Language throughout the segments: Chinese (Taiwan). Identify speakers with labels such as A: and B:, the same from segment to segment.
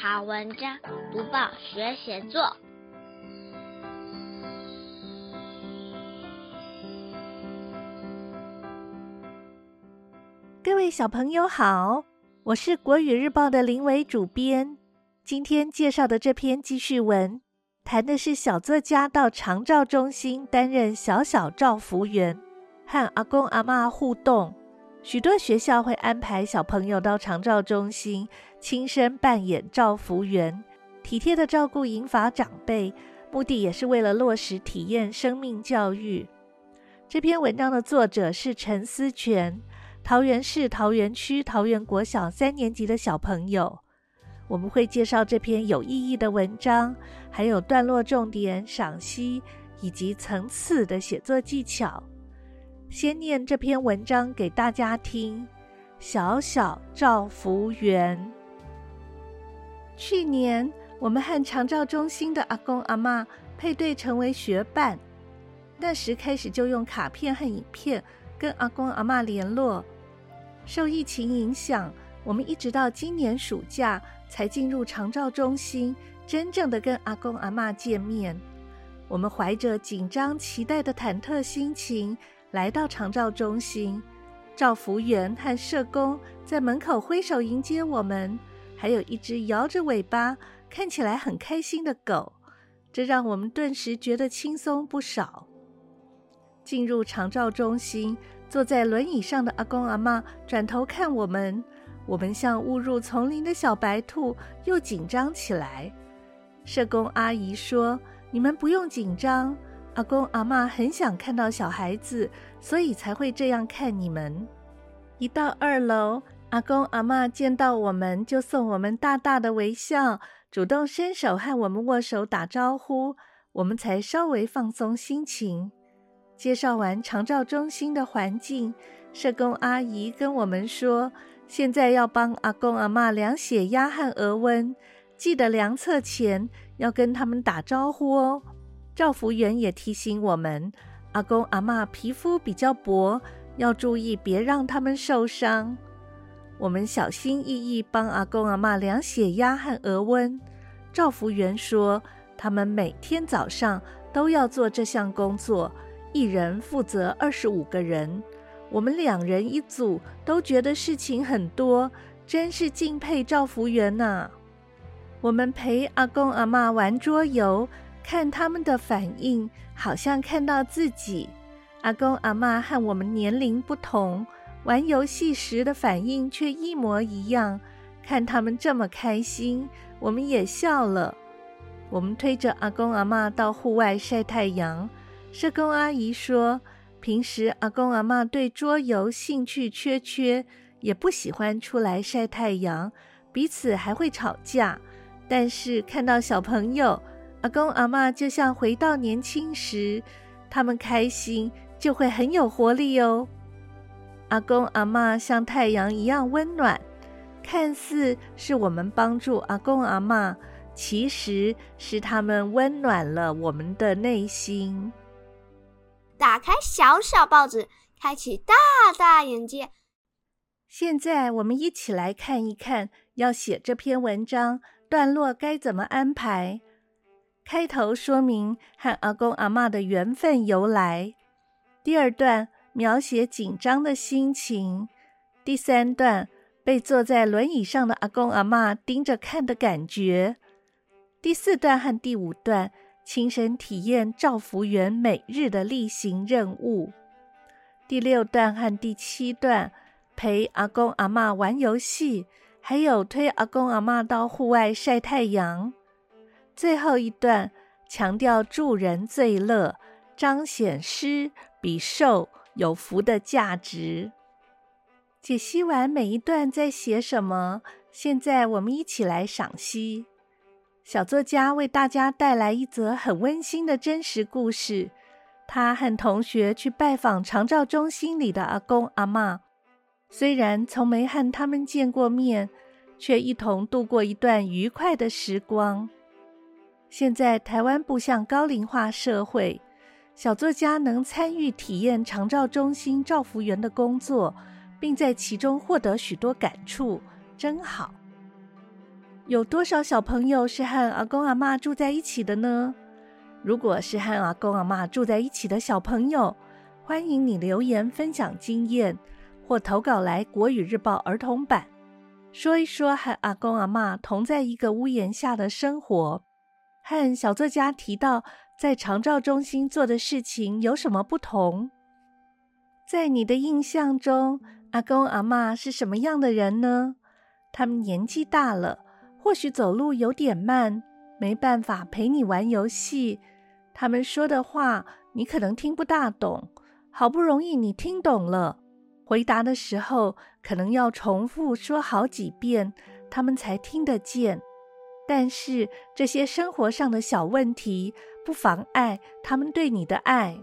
A: 好文章，讀報學寫作。做，各位小朋友好，我是國語日報的林瑋主編。今天介紹的這篇記敘文，談的是小作家到長照中心擔任小小照服員，和阿公阿嬤互動。許多學校會安排小朋友到長照中心，親身扮演照服員，體貼地照顧銀髮長輩，目的也是為了落實體驗生命教育。這篇文章的作者是陳思銓，桃園市桃園區桃園國小三年級的小朋友。我們會介紹這篇有意義的文章，還有段落重點賞析以及層次的寫作技巧。先念這篇文章給大家聽。小小照服員。去年我們和長照中心的阿公阿媽配對，成為學伴，那時開始就用卡片和影片，跟阿公阿媽聯絡。受疫情影響，我們一直到今年暑假才進入長照中心，真正的跟阿公阿媽見面。我們懷着緊張、期待的忐忑心情。來到長照中心，照服員和社工在門口揮手迎接我們，還有一隻搖着尾巴、看起來很開心的狗，這讓我們頓時覺得輕鬆不少。進入長照中心，坐在輪椅上的阿公阿媽轉頭看我們，我們像誤入叢林的小白兔，又緊張起來。社工阿姨說：“你們不用緊張。”阿公阿媽很想看到小孩子，所以才會這樣看你們。一到二樓，阿公阿媽見到我們就送我們大大的微笑，主動伸手和我們握手打招呼，我們才稍微放鬆心情。介紹完長照中心的環境，社工阿姨跟我們說，現在要幫阿公阿媽量血壓和額溫，記得量測前要跟他們打招呼哦。照服員也提醒我們：“阿公阿嬤皮膚比較薄，要注意別讓他們受傷。”我們小心翼翼幫阿公阿嬤量血壓和額溫。照服員說：“他們每天早上都要做這項工作，一人負責二十五個人。”我們兩人一組，都覺得事情很多，真是敬佩照服員吶、啊。我們陪阿公阿嬤玩桌遊。看他們的反應，好像看到自己。阿公阿嬤和我們年齡不同，玩遊戲時的反應卻一模一樣。看他們這麼開心，我們也笑了。我們推着阿公阿嬤到戶外曬太陽。社工阿姨說，平時阿公阿嬤對桌遊興趣缺缺，也不喜歡出來曬太陽，彼此還會吵架。但是看到小朋友，阿公阿嬤就像回到年輕時，他們開心就會很有活力哦。阿公阿嬤像太陽一樣溫暖，看似是我們幫助阿公阿嬤，其實是他們溫暖了我們的內心。打開小小報紙，開啟大大眼界。現在我們一起來看一看，要寫這篇文章，段落該怎麼安排。開頭說明和阿公阿媽的緣分由來，第二段描寫緊張的心情，第三段被坐在輪椅上的阿公阿媽盯着看的感覺，第四段和第五段親身體驗照服員每日的例行任務，第六段和第七段陪阿公阿媽玩遊戲，還有推阿公阿媽到戶外曬太陽。最後一段強調助人最樂，彰顯施比受有福的價值。解析完每一段在寫什麼，現在我們一起來賞析。小作家為大家帶來一則很溫馨的真實故事：他和同學去拜訪長照中心裡的阿公阿媽，雖然從沒和他們見過面，卻一同度過一段愉快的時光。現在臺灣步向高齡化社會，小作家能參與體驗長照中心照服員的工作，並在其中獲得許多感觸，真好。有多少小朋友是和阿公阿媽住在一起的呢？如果是和阿公阿媽住在一起的小朋友，歡迎你留言分享經驗，或投稿來《國語日報》兒童版，說一說和阿公阿媽同在一個屋檐下的生活。和小作家提到在長照中心做的事情有什麼不同？在你的印象中，阿公阿媽是什麼樣的人呢？他們年紀大了，或許走路有點慢，沒辦法陪你玩遊戲。他們說的話你可能聽不大懂，好不容易你聽懂了，回答的時候可能要重複說好幾遍，他們才聽得見。但是這些生活上的小問題不妨礙他們對你的愛。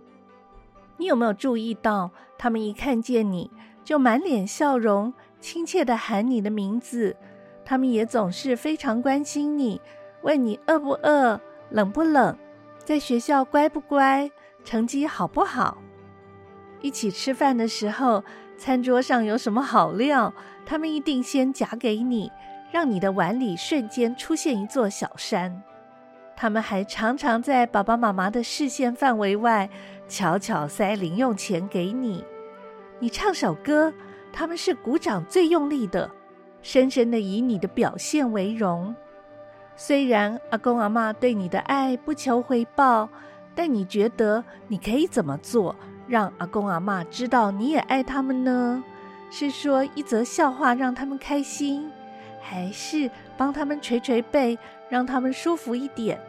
A: 你有沒有注意到，他們一看見你就滿臉笑容，親切地喊你的名字？他們也總是非常關心你，問你餓不餓、冷不冷，在學校乖不乖、成績好不好？一起吃飯的時候，餐桌上有什麼好料，他們一定先夾給你。讓你的碗裡瞬間出現一座小山。他們還常常在爸爸媽媽的視線範圍外，悄悄塞零用錢給你。你唱首歌，他們是鼓掌最用力的，深深的以你的表現為榮。雖然阿公阿媽對你的愛不求回報，但你覺得你可以怎麼做，讓阿公阿媽知道你也愛他們呢？是說一則笑話讓他們開心？還是幫他們捶捶背，讓他們舒服一點，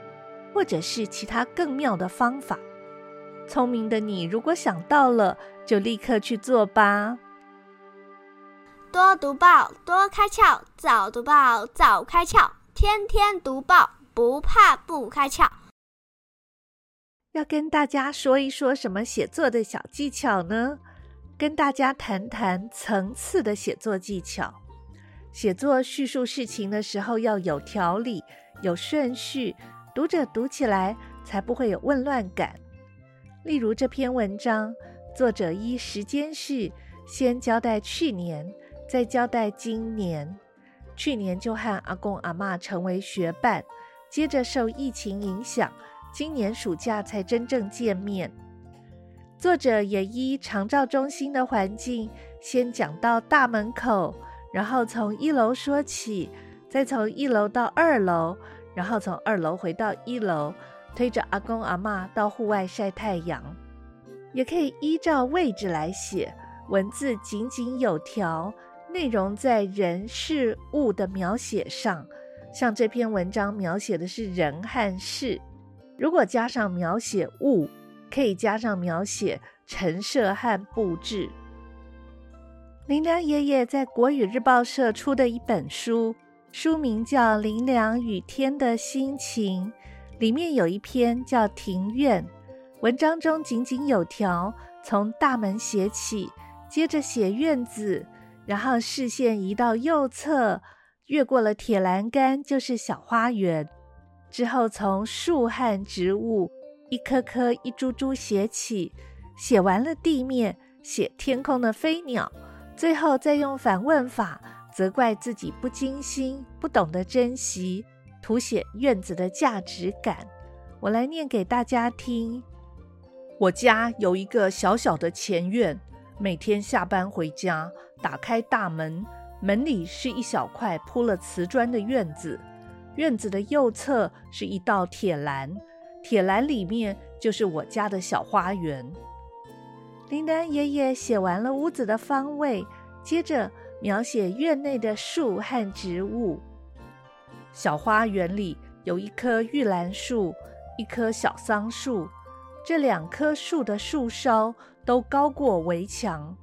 A: 或者是其他更妙的方法。聰明的你，如果想到了，就立刻去做吧。多讀報，多開竅；早讀報，早開竅；天天讀報，不怕不開竅。要跟大家說一說什麼寫作的小技巧呢？跟大家談談層次的寫作技巧。寫作敘述事情的時候要有條理、有順序，讀者讀起來才不會有混亂感。例如這篇文章，作者依時間序，先交代去年，再交代今年。去年就和阿公阿媽成為學伴，接着受疫情影響，今年暑假才真正見面。作者也依長照中心的環境，先講到大門口。然後從一樓說起，再從一樓到二樓，然後從二樓回到一樓，推着阿公阿媽到戶外曬太陽。也可以依照位置來寫，文字井井有條，內容在人事物的描寫上。像這篇文章描寫的是人和事，如果加上描寫物，可以加上描寫陳設和布置。林良爺爺在國語日報社出的一本書，書名叫《林良雨天的心晴》，裡面有一篇叫《庭院》。文章中井井有條，從大門寫起，接着寫院子，然後視線移到右側，越過了鐵欄杆就是小花園。之後從樹和植物一棵棵、一株株寫起，寫完了地面，寫天空的飛鳥。最後再用反問法責怪自己不精心、不懂得珍惜，凸顯院子的價值感。我來念給大家聽：我家有一個小小的前院，每天下班回家，打開大門，門裡是一小塊鋪了瓷磚的院子。院子的右側是一道鐵欄，鐵欄裡面就是我家的小花園。林良爺爺寫完了屋子的方位，接着描寫院內的樹和植物。小花園裡有一棵玉蘭樹，一棵小桑樹。這兩棵樹的樹梢都高過圍牆。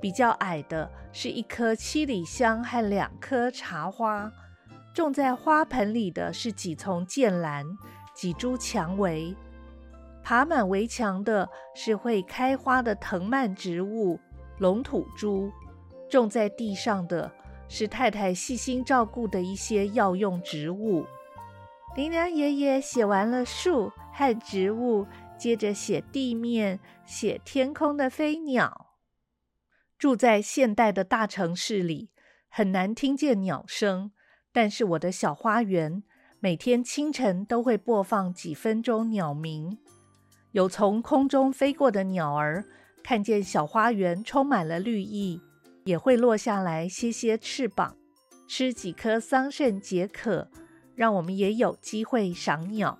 A: 比較矮的是一棵七里香和兩棵茶花。種在花盆裡的是幾叢劍蘭，幾株薔薇。爬滿圍牆的是會開花的藤蔓植物龍吐珠，種在地上的，是太太細心照顧的一些藥用植物。林良爺爺寫完了樹和植物，接着寫地面，寫天空的飛鳥。住在現代的大城市裡，很難聽見鳥聲，但是我的小花園每天清晨都會播放幾分鐘鳥鳴。有從空中飛過的鳥兒，看見小花園充滿了綠意，也會落下來歇歇翅膀，吃幾顆桑葚解渴，讓我們也有機會賞鳥。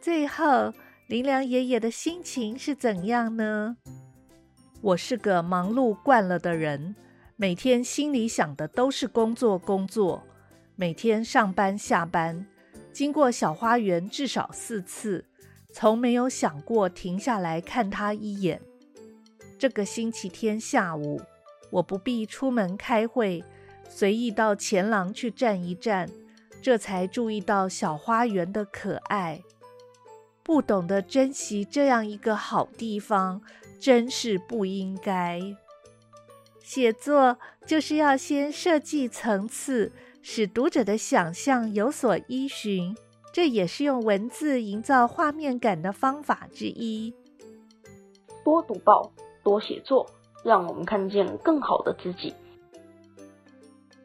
A: 最後，林良爺爺的心情是怎樣呢？我是個忙碌慣了的人，每天心裡想的都是工作工作，每天上班下班，經過小花園至少四次。從沒有想過停下來看他一眼。這個星期天下午，我不必出門開會，隨意到前廊去站一站，這才注意到小花園的可愛。不懂得珍惜這樣一個好地方，真是不應該。寫作就是要先設計層次，使讀者的想象有所依循。這也是用文字營造畫面感的方法之一。多讀報，多寫作，讓我們看見更好的自己。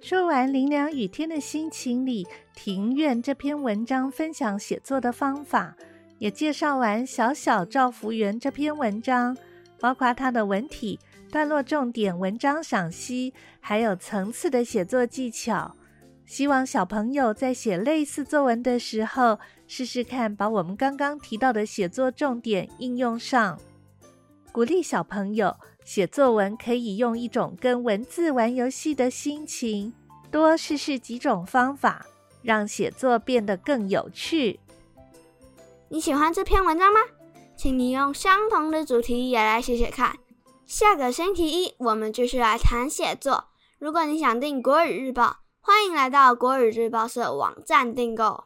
A: 說完《林良雨天的心晴裡庭院》這篇文章，分享寫作的方法，也介紹完《小小照服員》這篇文章，包括他的文體、段落重點、文章賞析，還有層次的寫作技巧。希望小朋友在寫類似作文的時候，試試看把我們剛剛提到的寫作重點應用上。鼓勵小朋友寫作文，可以用一種跟文字玩遊戲的心情，多試試幾種方法，讓寫作變得更有趣。你喜歡這篇文章嗎？請你用相同的主題也來寫寫看。下個星期一，我們繼續來談寫作。如果你想訂國語日報，歡迎來到國語日報社網站訂購。